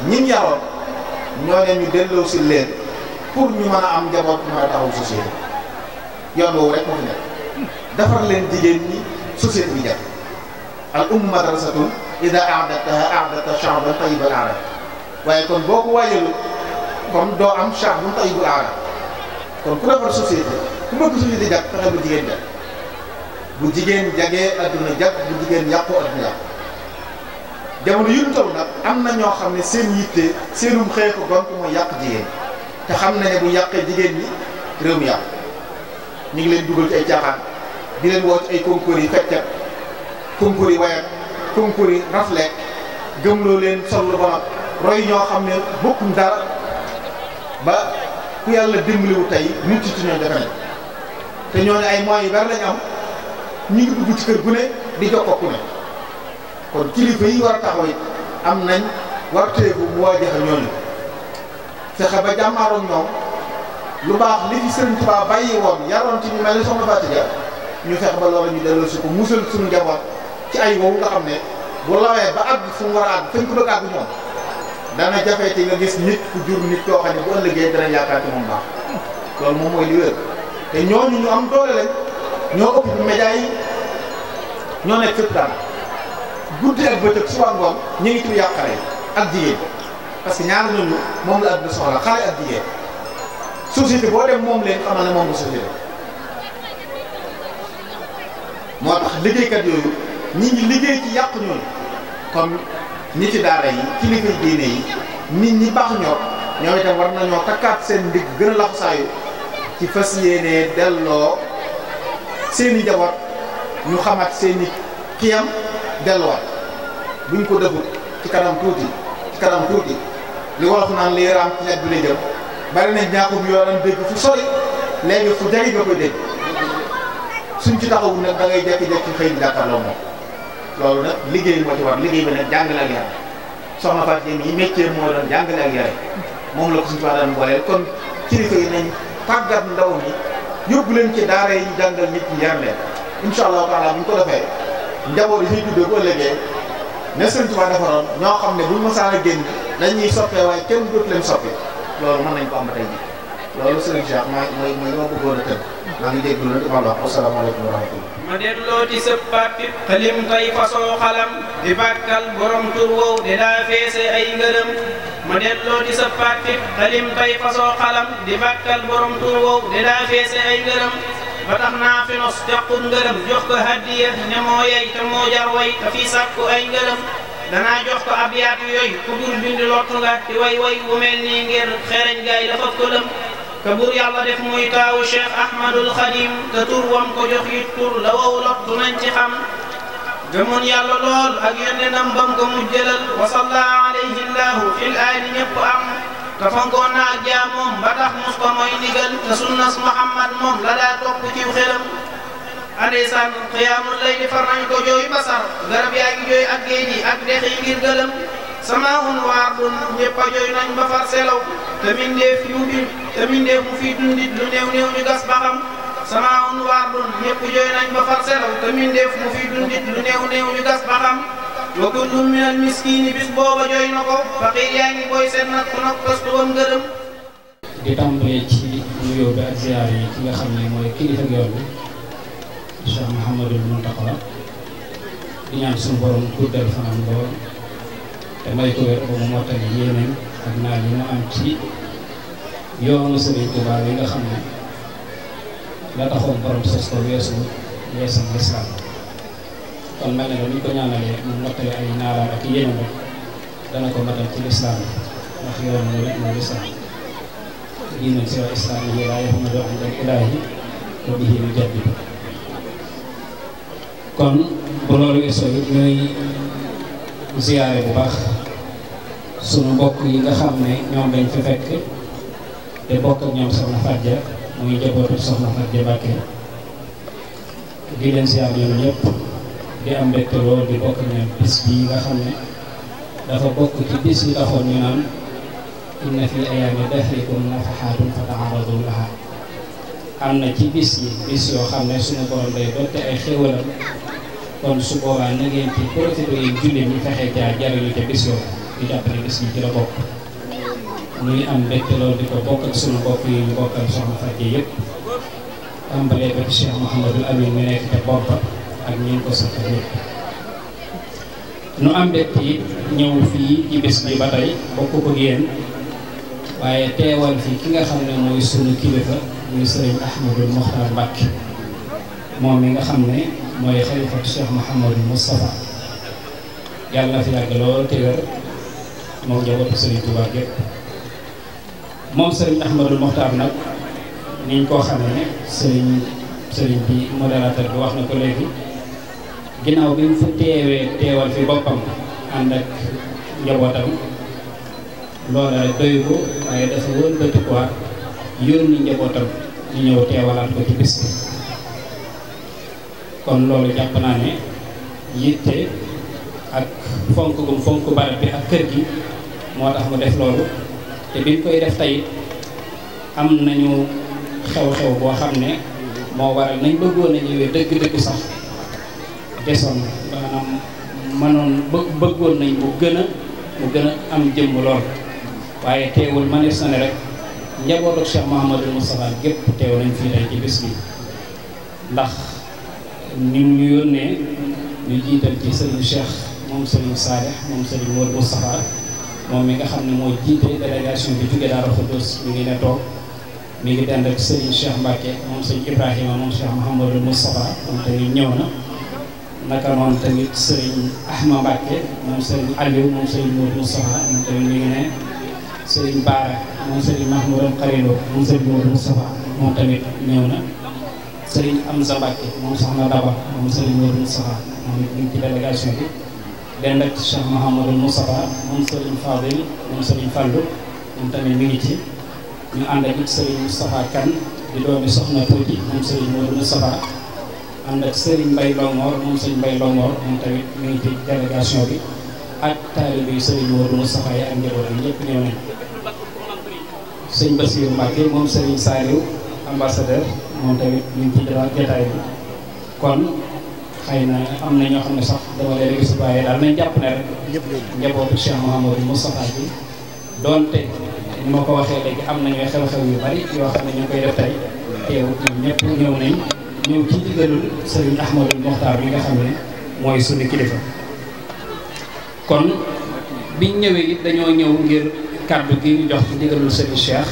ñim yaroon ñoo ne ñu delloo si leen pour ñu mën a am njaboot ñu mën a yoon woowu rek moo fi defar leen jigéen ñi société bi jàpp al ummu madrasatun ida ahdataha ahdata shaaban tayyibal arab waaye kon boo ko waajalu kon doo am shaaban tayyibul arab kon ku defar société ku bëgg société jàpp fexe bu jigéen jàpp bu jigéen jagee adduna jàpp bu jigéen yàqoo adduna yàqu jamono yu ñu toll nag am na ñoo xam ne seen yitte seenum xëy ko gont mooy yàq jigéen te xam nañ ne bu yàqee jigéen yi réew mi ñu ngi leen dugal ci ay caaxaan di leen woo ci ay concours yi feccat concours yi wayat concours yi gëmloo leen sollu ba roy ñoo xam ne bokkuñ dara ba ku yàlla dimbaliwu tey mucc ci ñoom defe te ñoo ne ay moyens yu bari lañ am ñu ngi dugg ci kër gu ne di jokkoo ne kon kilifa yi war a am nañ war teeku bu waajal ñooñu fexe ba jàmmaaroon ñoom. lu baax li fi Sëriñ Tuubaa bàyyi woon yaroon ci ñu mel ni soxna Fatiga ñu fex ba loola ñu delloo si ko musal suñu njaboot ci ay woowu nga xam ne bu lawee ba àgg fu mu war a àgg fañ ko bëgg àgg ñoom dana jafe te nga gis nit ku jur nit koo xam ne bu ëllëgee dana yaakaar ci moom baax loolu moom mooy li wér te ñoo ñu am doole lañ ñoo ëpp ci média yi ñoo nekk fépp daan guddi ak bëccëg suba ngoon ñu ngi tur ak jigéen parce que ñaar ñooñu moom la àdduna société boo dem moom leen xamal ne moom la moo tax liggéeykat yooyu ñi liggéey ci yàq ñoom comme nit ci daara yi li yi diine yi nit ñi baax ñor ñoom itam war nañoo takkaat seen ndigg gën a laxasaayu ci fas yéenee delloo seeni njaboot ñu xamaat seeni xiyam delluwaat buñ ko defut ci kanam tuuti ci kanam tuuti li wolof naan li raam ci xet bi lay bari na ñaaxum yoo daan dégg fu sori léegi fu jari nga koy dégg suñ ci taxawul nag da ngay jékki-jékki xëy na jàkkaarloo moom loolu nag liggéey moo ci war liggéey bi nag jàngale ak yare soxna Fatou Dieng yi métier moo doon jàngale ak yare moom la ko suñu ci wax daan booleel kon kilifa yi nañ tàggat ndaw ñi yóbbu leen ci daara yi jàngal nit ñi yar leen incha ko defee njaboot yi tuddee bu ëllëgee ne Sëriñ Tuubaa defaroon ñoo xam ne bu mësaan a génn dañuy soppee waaye kenn loolu mën nañ ko am ba tey jii loolu sëriñ Cheikh mooy mooy mooy ma bëggoon a tënk ma dellooti sëb bàttib xalim tay fasoo xalam di bàkkal borom tur wow de feese ay ngërëm ma dellooti sëb bàttib xalim tay fasoo xalam di bàkkal borom tur wow de feese ay ngërëm ba naa fi nos jox ngërëm jox ko hadiya ne moo yey te way te fii sàkku ay ngërëm danaa jox ko ab yaatu yooyu ku bur bind lottu nga di way way wu mel nii ngir xereñ gaay dafa ko lëm ka yàlla def muy taawu cheikh ahmadul xadim te tur wam ko jox it tur la wow lottu nañ ci xam gëmoon yàlla lool ak yonenam bam ko mujjëlal wa salla alayhi llahu fil aani ñëpp am te fonkoon na ak jaamoom ba mus ko mooy ndigal te sunnas muhammad moom la daa topp ci xelam andeysaan xiyaamul layli far nañ ko jooyu basar garab yaa ngi jooy ak géej yi ak dex yi ngir gëlëm samaahun waardun ñëpp a jooy nañ ba far selaw te mindeef yu bi te mindeef mu fii dundit lu néew néew ñu gas ba xam samaahun waardun ñëpp jooy nañ ba bis booba jooy na ko faqiir yaa ngi booy seen nag ku nag kostuwam gërëm di tàmbalee ci nuyoo bi ak ziyaar yi ki nga xam ne mooy kilifa yoon bi Cheikh Mouhamadul Mountakha di ñaan suñu borom guddal fanam lool te may ko wér ba mu ak naaj yi mu am ci yoonu Sëriñ Tuubaa yi nga xam ne la taxoon borom sos ko weesu weesu lislaam kon mel na ne buñ ko ñaanalee mu mottali ay naalam ak yéeneen rek dana ko matal ci lislaam ndax yoon wi rek mooy lislaam diinal si islaam yi laa yaxamadu an ilaahi wa bihi nu jaddidu kon bu loolu weesoo it ñooy bu baax sunu mbokk yi nga xam ne ñoom lañ fi fekk te bokk ak ñoom soxna Fadja muy jabootu soxna Fadja Mbàkke di leen ziyaar ñoom ñëpp di am mbégte lool di bokk ñoom bis bii nga xam ne dafa bokk ci bis yi taxoon ñu naan inna fi ayaami dahrikum nafahaatun fa taaradu laha am na ci bis yi bis yoo xam ne suñu borom day dotte ay xéwalam kon su boobaa na ngeen ci profité yéen jullit ñi fexe caa jariñu ca bis yooyu di jàpp bis bi ci la bokk ñu ngi am mbégte loolu di ko bokk ak sunu mbokk yi ñu bokkal soxna Faty yëpp tàmbalee ba ci Cheikh Mouhamadul Amin mi nekk bopp ak ñi ko sax yëpp nu am mbégte ñëw fii ci bis bi ba tey bokk ko yéen waaye teewal fii ki nga xam ne mooy sunu kilifa muy sëriñ Ahmadul Mokhtar Mbacke moom mi nga xam ne mooy xalifatu Cheikh Mouhamadou Moustapha yàlla na fi yàgg lool te wér moom njabootu Serigne Touba gépp niñ koo xamee ne bi modérateur bi wax na ko léegi ginnaaw bi mu fa teewee teewal fi boppam ànd ak njabootam loola doy ko waaye dafa wëlbatikuwaat yónni njabootam ñu ñëw teewalaat ko ci bis kon loolu jàpp naa ne yitte ak fonk gum fonk barab bi ak kër gi moo tax mu def loolu te biñ koy def tey am nañu xew-xew boo xam ne moo waral nañ bëggoon a ñëwee dëgg-dëgg sax desoon maanaam bëggoon nañ mu gën a mu gën a am jëmm lool waaye teewul manees na ne rek njabootu Cheikh Mouhamadou Moustapha gépp teew nañ fii tey ci ndax ni mu ñu yónnee ñu jiital ci sëriñ Cheikh moom sëriñ Saalix moom sëriñ Modou Moustapha moom mi nga xam ne moo jiite bi jóge Daaru Xudoos mi ngi ne toog mi ngi dend ak sëriñ Cheikh Mbacke moom sëriñ Ibrahima moom Cheikh Mouhamadou Moustapha moom tamit ñëw na naka noonu tamit sëriñ ngi ne sëriñ Baara moom sëriñ Mahmoud Xarilo moom tamit ñëw na. sëriñ am Mbàkke moom soxna Daba moom sëriñ moom it ñu bi dend ak Cheikh Mouhamadou Moustapha moom sëriñ Fadil moom tamit mi ngi ci ñu ànd ak it sëriñ Moustapha Kane di doomi soxna Tuuti moom sëriñ Modou Moustapha ànd ak sëriñ Mbaye Longor moom sëriñ Mbaye Longor moom tamit mi ngi ci délégation bi ak taalibe yi sëriñ Modou Moustapha yi ak njabootam ñëpp ñëw nañ sëriñ Bassirou Mbàkke moom sëriñ Saliou ambassadeur moom tamit ñu ngi ci jotaay bi kon xëy na am na ñoo xam ne sax dama leen gis waaye daal nañ jàpp ne rek njabootu Cheikh Mouhamadou Moustapha bi doonte ni ma ko waxee léegi am nañu xew yu bari yoo xam ne ñu ngi koy def tey teew ñëpp ñëw nañ ñëw ci digalul Sëriñ Ahmadou Mokhtar mi nga xam ne mooy suñu kilifa kon biñ ñëwee dañoo ñëw ngir kàddu gi ñu jox ci digalul Sëriñ Cheikh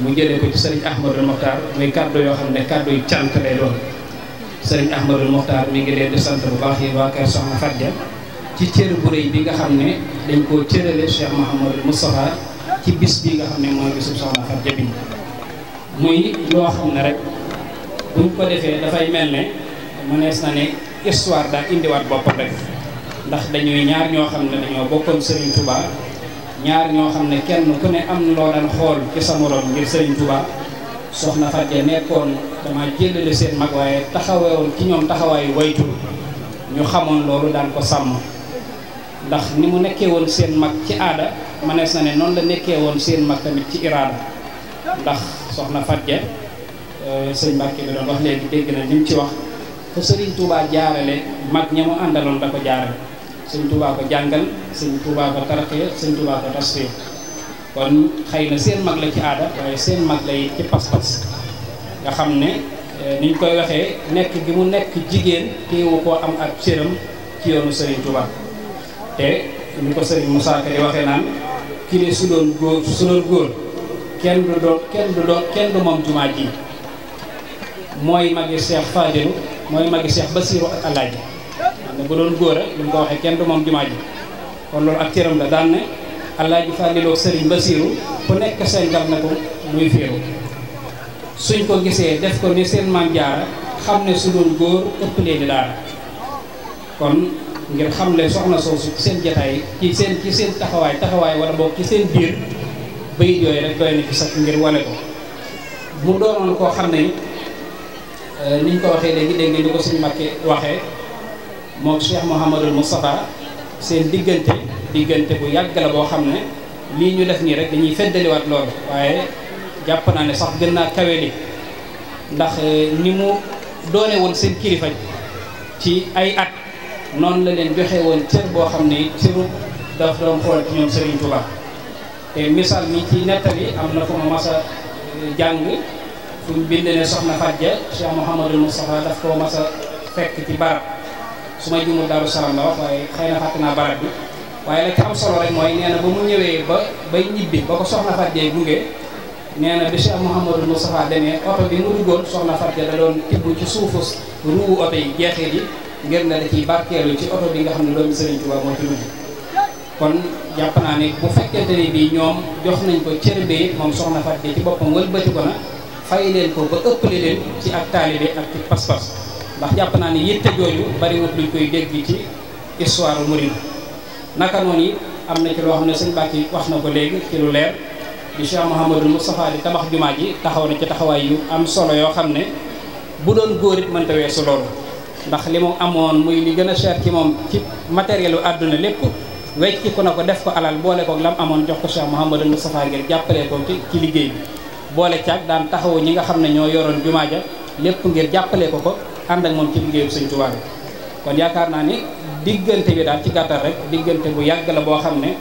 mu jëlee ko ci sëriñ Ahmadul Mokhtar muy kàddu yoo xam ne kàddu yu cant lay doon sëriñ Ahmadul Mokhtar mi ngi leen di sant bu baax yi waa Kër Soxna Fadja ci cër bu rëy bi nga xam ne dañ koo cërale Cheikh Mouhamadou Moustapha ci bis bi nga xam ne mooy bisu Soxna Fadja bi muy loo xam ne rek buñ ko defee dafay mel ne mënees na ne histoire daa indiwaat boppam rek ndax dañuy ñaar ñoo xam ne dañoo bokkoon Serigne baax ñaar ñoo xam ne kenn ku ne am loo daan xool ci sa morom ngir Serigne Touba soxna Fatia nekkoon dama jëlale seen mag waaye taxawewoon ci ñoom taxawaayu waytu ñu xamoon loolu daan ko sàmm ndax ni mu nekkee woon seen mag ci aada manees na ne noonu la nekkee woon seen mag tamit ci iraada ndax soxna Fatia euh, sëñ Mbàkke bi doon wax léegi dégg na li ci wax fa Serigne Touba jaarale mag ña mu àndaloon da ko jaaral sëñ Tuubaa ko jàngal sëñ Tuubaa ko tarxee sëñ ko kon xëy na seen mag la ci aada waaye seen mag lay ci pas-pas nga xam ne eh, niñ koy waxee nekk gi mu nekk jigéen teewu koo am ak cëram ci yoonu Serigne Touba te ñu ko Serigne Moussa Ka di waxee naan kile su doon góor su doon góor kenn du doon kenn du doon kenn du moom jumaa ji mooy magi Cheikh Fadilu mooy magi Cheikh Basirou ak Alaaji ne bu doon góor a ko waxee kenn du moom jumaa ji kon loolu ak cëram la daan ne Alaaji Fàllilu Sëriñ Basiiru ku nekk seen gal na ko muy féeru suñ ko gisee def ko ni seen maam jaara xam ne su doon góor ëpp leen di daara kon ngir xam ne soxna soosu ci seen jataay ci seen ci seen taxawaay taxawaay wala boog ci seen biir bayit yooyu rek doy na ci sax ngir wane ko mu doonoon koo xam ne eh, niñ ko waxee léegi dégg nga ni ko suñ Mbàkke waxee moom Cheikh Mouhamadul Moustapha seen diggante diggante bu yàgg la boo xam ne lii ñu def nii rek dañuy feddaliwaat loolu waaye jàpp naa ne sax gën naa kawe li ndax eh, ni mu doone woon seen kilifa ci ay at noonu la leen joxe woon cër boo xam ne cëru daf doon xool ci ñoom Serigne Touba te misaal mi ci nettali am na fu ma masa eh, jàng fu mu bind ne soxna Fadja Cheikh Mouhamadul Moustapha daf koo masa fekk ci barab su may jumul Daaru Salaam la wax waaye xëy na fàtte naa barab bi waaye la ci am solo rek mooy nee ba mu ñëwee ba ba ñibbi ba ko soxna Fatou Dieye gunge nee na bi Cheikh Mouhamadou Moustapha demee oto bi mu duggoon soxna Fatou Dieye da doon tibb ci suufu ruu oto yi jeexee ji ngir na da ciy barkeelu ci oto bi nga xam ne doomi Serigne Touba moo ci mujj kon jàpp naa ne bu fekkente ne bii ñoom jox nañ ko cër bi moom soxna Fatou ci boppam wëlbati ko na fay leen ko ba ëppale leen ci ak taalibe ak ci pas ndax jàpp naa ni yitte jooju bariwut luñ koy dégg ci histoire murid naka noonu yi am na ci loo xam ne sëñ Bàkki wax na ko léegi ci lu leer di Cheikh Mouhamadou Moustapha di tabax jumaa ji taxaw na ci taxawaay yu am solo yoo xam ne bu doon góor it mënta weesu loolu ndax li mu amoon muy li gën a cher ci moom ci matériel àdduna lépp wecc ko na ko def ko alal boole koog lam amoon jox ko Cheikh Mouhamadou Moustapha ngir jàppale ko ci ci liggéey bi boole caag daan taxawu ñi nga xam ne ñoo yoroon jumaa ja lépp ngir jàppale ko ko ànd ak moom ci liggéeyub sëñ Tuubaa bi kon yaakaar naa ni diggante bi daal ci gàttal rek diggante bu yàgg la boo xam ne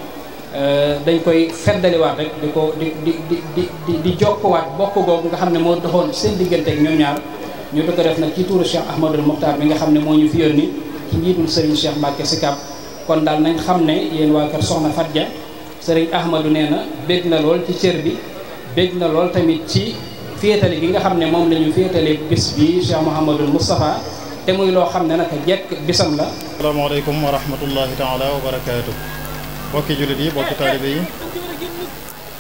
euh, dañ koy feddaliwaat rek di ko di di di di di jokkuwaat bokk googu nga xam ne moo doxoon seen diggante ak ñoom ñaar ñu di ko def nag ci tuuru Cheikh Ahmadul Mokhtar bi nga xam ne moo ñu fi yónni ci njiitul Serigne Cheikh Mbacke Sikap kon daal nañ xam ne yéen waa kër Soxna Fatia Serigne Ahmadou nee na bég na lool ci cër bi bég na lool tamit ci. féetale gi nga xam ne moom lañu ñu féetale bis bi Cheikh Mouhamadul te muy loo xam ne naka jekk bisam la. asalaamaaleykum wa rahmatullahi taala wa barakaatu. bokki jullit yi bokki taalibe yi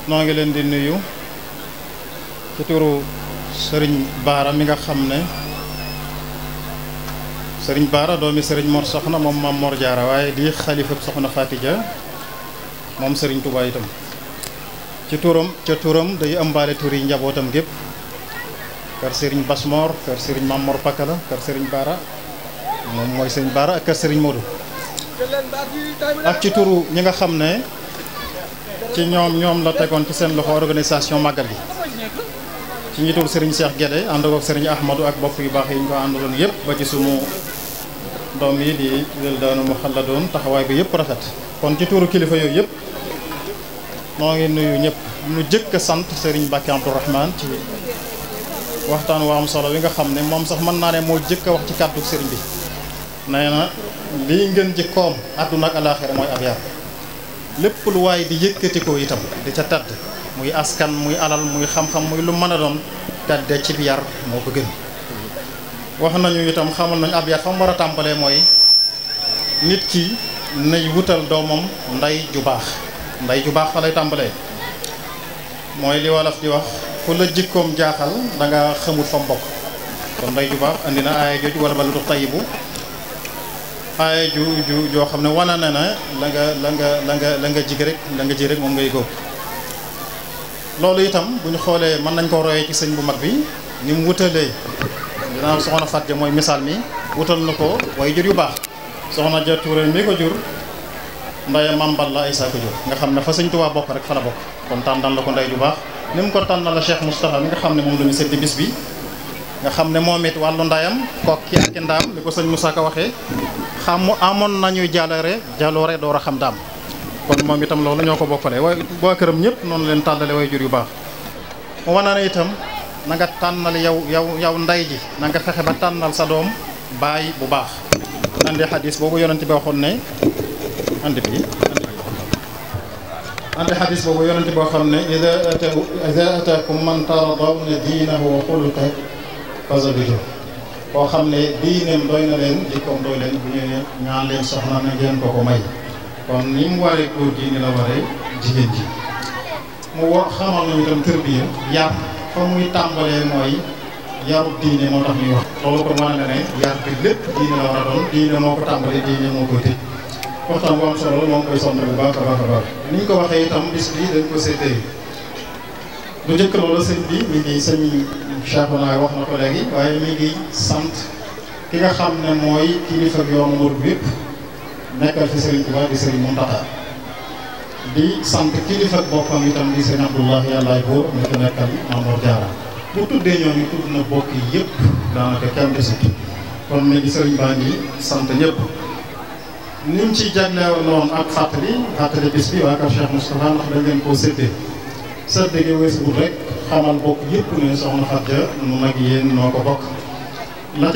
noo ngi leen di nuyu ci turu Serigne Baara mi nga xam ne Serigne Baara doomi Serigne Mor Soxna moom Maam Mor Jaara waaye di xalifa Soxna Fatija moom Serigne Touba itam. ci turam ca turam day ëmbaale tur yi njabootam gépp kër sëriñ Basmor kër Serigne Mamor Pakala kër Serigne Bara moom mooy Serigne Bara ak kër Serigne Modou ak ci turu ñi nga xam ne ci ñoom ñoom la tegoon ci seen loxo organisation màggal gi ci njiitul sëriñ Cheikh Guédé ànd ak sëriñ Ahmadou ak bopp yu baax yi ñu ko àndaloon yëpp ba ci sunu doom yi di Wildaanu Muxalladoon taxawaay bi yëpp rafet kon ci tuuru kilifa yooyu yëpp noo ngi nuyu ñëpp nu jëkk a sant Serigne Bakke Abdourahmane ci waxtaan wu am solo wi nga xam ne moom sax mën naa ne moo jëkk a wax ci kàddu sëriñ bi nee na lii ngeen ji koom àdduna ak alaaxira mooy ab yar lépp lu waaye di yëkkati itam di ca tàdd muy askan muy alal muy xam-xam muy lu mën a doon tàddee cib yar moo ko gën wax nañu itam xamal nañu ab yar war a tàmbalee mooy nit ki nay wutal doomam ndey ju baax ndey ju baax fa lay tàmbalee mooy li di wax ku la jikkoom jaaxal danga nga xamul fa mbokk kon day ju baax andi na aaya jooju ba bala du tayibu aaya ju joo xam ne wana na na langa nga la nga la nga nga jig rek la nga ji rek moom ngay góob loolu itam bu ñu xoolee mën nañ ko royee ci sëñ bu mag bi ni mu wutalee dinaa soxna Fatou mooy misaal mi wutal na ko waaye jur yu baax soxna ja Touré mi ko jur ndaya mambal la ay saa ko jur nga xam ne fa sëñ Tuubaa bokk rek fa la bokk kon tàndan la ko ndey ju baax ni mu ko tànnal la Cheikh Moustapha mi nga xam ne moom la ñu sédd bis bi nga xam ne moom it wàllu ndayam kokki ak ndaam li ko sëñ Moussa Ka waxee xam amoon nañu jàllare jàlloore door a xam daam kon moom itam loolu lañoo ko bokkale waaye boo këram ñëpp noonu leen tànnale way jur yu baax mu wane na itam nanga tànnal yow yow yow nday ji na nga fexe ba tànnal sa doom baay bu baax andi xadis boobu yonent bi waxoon ne andi bi andi xadis boobu yonente boo xam ne ida ata ida ataakum man taradawna diinahu wa xuluqahu fazawijuhu koo xam ne diineem doy na leen jikkoom doy leen bu ñëwee ñaan leen soxna na ngeen ko ko may kon ni mu waree góor gi ni la waree jigéen ji mu wax xamal nañu itam tërbiya yar fa muy tàmbalee mooy yarut diine moo tax ñuy wax loolu kon wane na ne yar bi lépp diine la war a doon diine moo ko tàmbalee diine moo koy tëj waxtaan bu am solo koy sonn bu baax a baax ni ñu ko waxee itam bis bi dañ ko seetee lu njëkk loola sëñ bi mi ngi sëñ Cheikhouna wax na ko léegi waaye mi ngi sant ki nga xam ne mooy kilifa yoonu murid bi yëpp nekkal fi Serigne Touba di Serigne Mountakha di sant kilifa boppam itam di Serigne Abdoulah yàllaay góor mi ko nekkal Mamour Diarra bu tuddee ñooñu tudd na bokk yëpp daanaka kenn desut kon mi ngi Serigne baa ngi sant ni mu ci jagleeloon ak fàttali fàttali bis bi waa kër Cheikh Moustapha ndax da ngeen koo séddee séddee gi weesuwul rek xamal bokk yëpp ne soxna Fatou Dia moom ak yéen noo ko bokk. la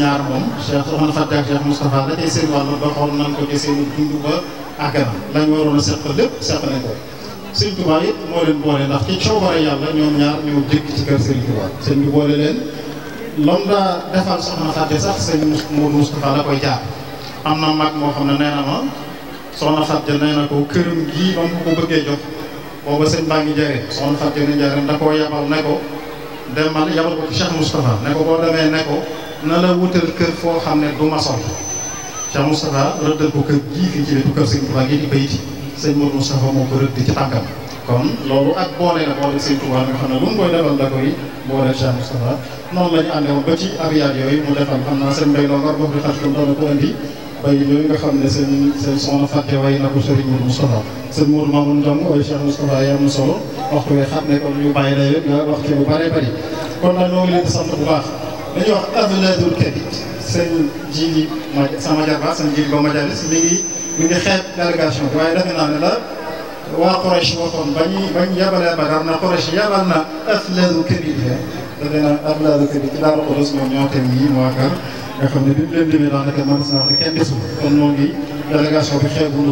ñaar moom Cheikh soxna Fatou Dia ak Cheikh Moustapha la tey seen wàll doxoon nañ ko ci seen dund lañ waroon a seq lépp seq nañ ko. Sëñ Tuubaa it moo leen boole ndax ci coobare yàlla ñoom ñaar ñoo jëkk ci kër Sëñ Tuubaa sëñ bi boole leen. loolu defal soxna Fatou Dia sax sëñ Moustapha la koy jaar. am na mag moo xam ne nee na ma soxna Fatou Diagne nee na ko këram gii ba mu ko bëggee jox booba sëñ baa ngi jëriñ soxna Fatou Diagne jëriñ da koo yabal ne ko demal yabal ko ci Cheikh ne ko ko na la wutal kër foo xam ne du ma sol Cheikh Moustapha rëddal ko kër gii fii ci wetu kër sëñ Touba gii di bayti sëñ Mourou Moustapha ko rëdd ci tànkam. kon loolu ak boole la boole sëñ Touba noonu la ñu ba ci abiyaat yooyu mu defal xam naa sëñ Mbaye Lo Ngor boobu di xas ko doon ko andi. bay yooyu nga xam ne seen seen soxna fàtte way na ko sëriñ Mourou Moustapha sëriñ Mourou Mamoun Ndong waaye Cheikh Moustapha yaa mu solo waxtu wee xam ne kon ñu bàyyi la yëpp nga wax ci bu bëree bëri kon nag ñoo ngi leen di sant bu baax dañuy wax adulatul kabit seen ji li ma sama jarba seen ji li ba ma jalis mi ngi mi ngi xeeb délégation bi waaye defe naa ne la waa Quraysh waxoon bañ bañ yabalee Badar na Quraysh yabal na adulatul kabit defe naa adulatul kabit ci daara Quraysh moom ñoo teg yi mu waa kër nga xam ne bi mu leen demee man si ne kenn desul kon moo ngi délégation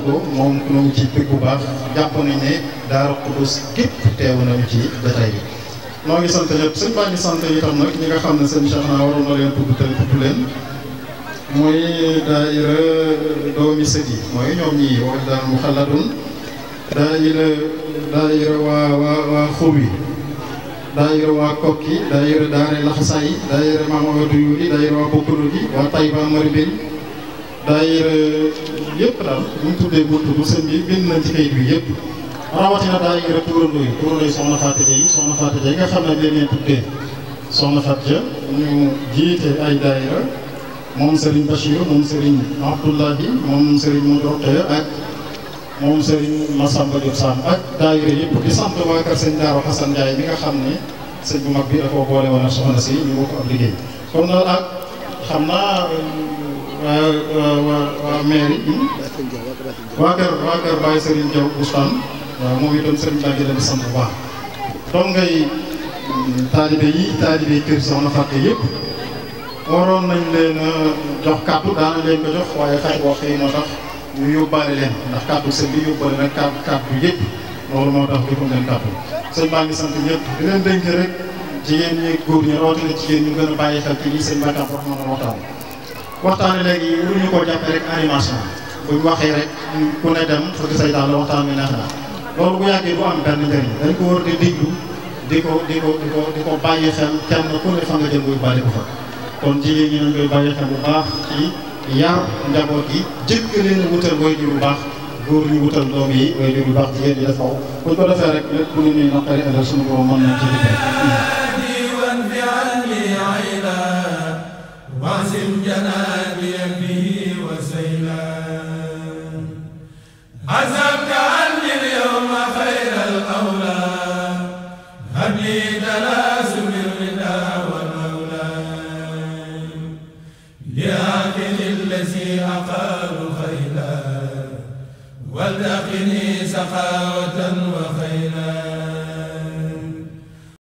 ko moom ñoo ngi ciy bu baax jàpp nañ ne Daaru Xudoos gépp teew nañu ci jotaay bi. moo ngi sant ñëpp sëñ baa ngi sant itam nag ñi nga xam ne sëñ Cheikh naa waroon na leen tudd te tudd leen mooy daayira doomi sët yi mooy ñoom ñii wax daan mu xaladun daayira daayira waa waa waa xuub yi daayira waa Kokki daayira Daare Laxasaay daayira Maam Awa Duyuuri daayira waa Bokkulu waa Tayba Maribel daayira yëpp daal bu tuddee buntu bu sëñ bi bind nañ ci kayit bi yëpp rawatina daayira turandoo yi turandoo yi soxna Fatou Diaye soxna Fatou Diaye nga xam ne dañ leen tuddee soxna Fatou Diaye ñu jiite ay daayira moom Serigne Bachir moom Serigne Abdoulahi moom Serigne Modou Rokhaya ak. moom sëriñ Massamba Diop Sam ak daayira yëpp di sant waa kër sëñ Xasan Ndiaye mi nga xam ne sëñ bu mag bi dafa boole woon soxna si ñu bokk ab liggéey kon nag ak xam naa waa euh, euh, euh, waa waa mairie hmm? waa kër waa kër Baye Serigne moom itam sëriñ Ba baax donc ngay hmm, taalibe yi taalibe kër soxna Fatou yëpp waroon nañ leen jox kàddu daana leen ko jox waaye xaj boo xëy moo tax. ñu yóbbaale leen ndax kàddu sëñ bi yóbbaale nag kàddu kàddu yëpp loolu moo tax joxuñ leen kàddu sëñ baa sant ñëpp di leen dénk rek jigéen ñi góor ñi rawatina jigéen ñu gën a bàyyi xel ci lii sëñ Mbacke Abdourahmane doon waxtaan waxtaane léegi mënuñu koo jàppe rek animation buñ waxee rek ku ne dem fëgg say daal waxtaan bi neex na loolu bu yàggee du am benn njëriñ dañ ko war di déglu di ko di ko di ko di ko bàyyi xel kenn ku ne fa nga jël nga yóbbaale ko fa kon jigéen ñi nañ koy bàyyi xel bu baax ci yar njaboot yi jëkk leen wutal way jur baax góor ñi wutal doom yi way jur bu baax jigéen ñi dafaw buñ ko defee rek lépp lu ñuy naqari ëllëg suñu borom mën nañ ci dimbali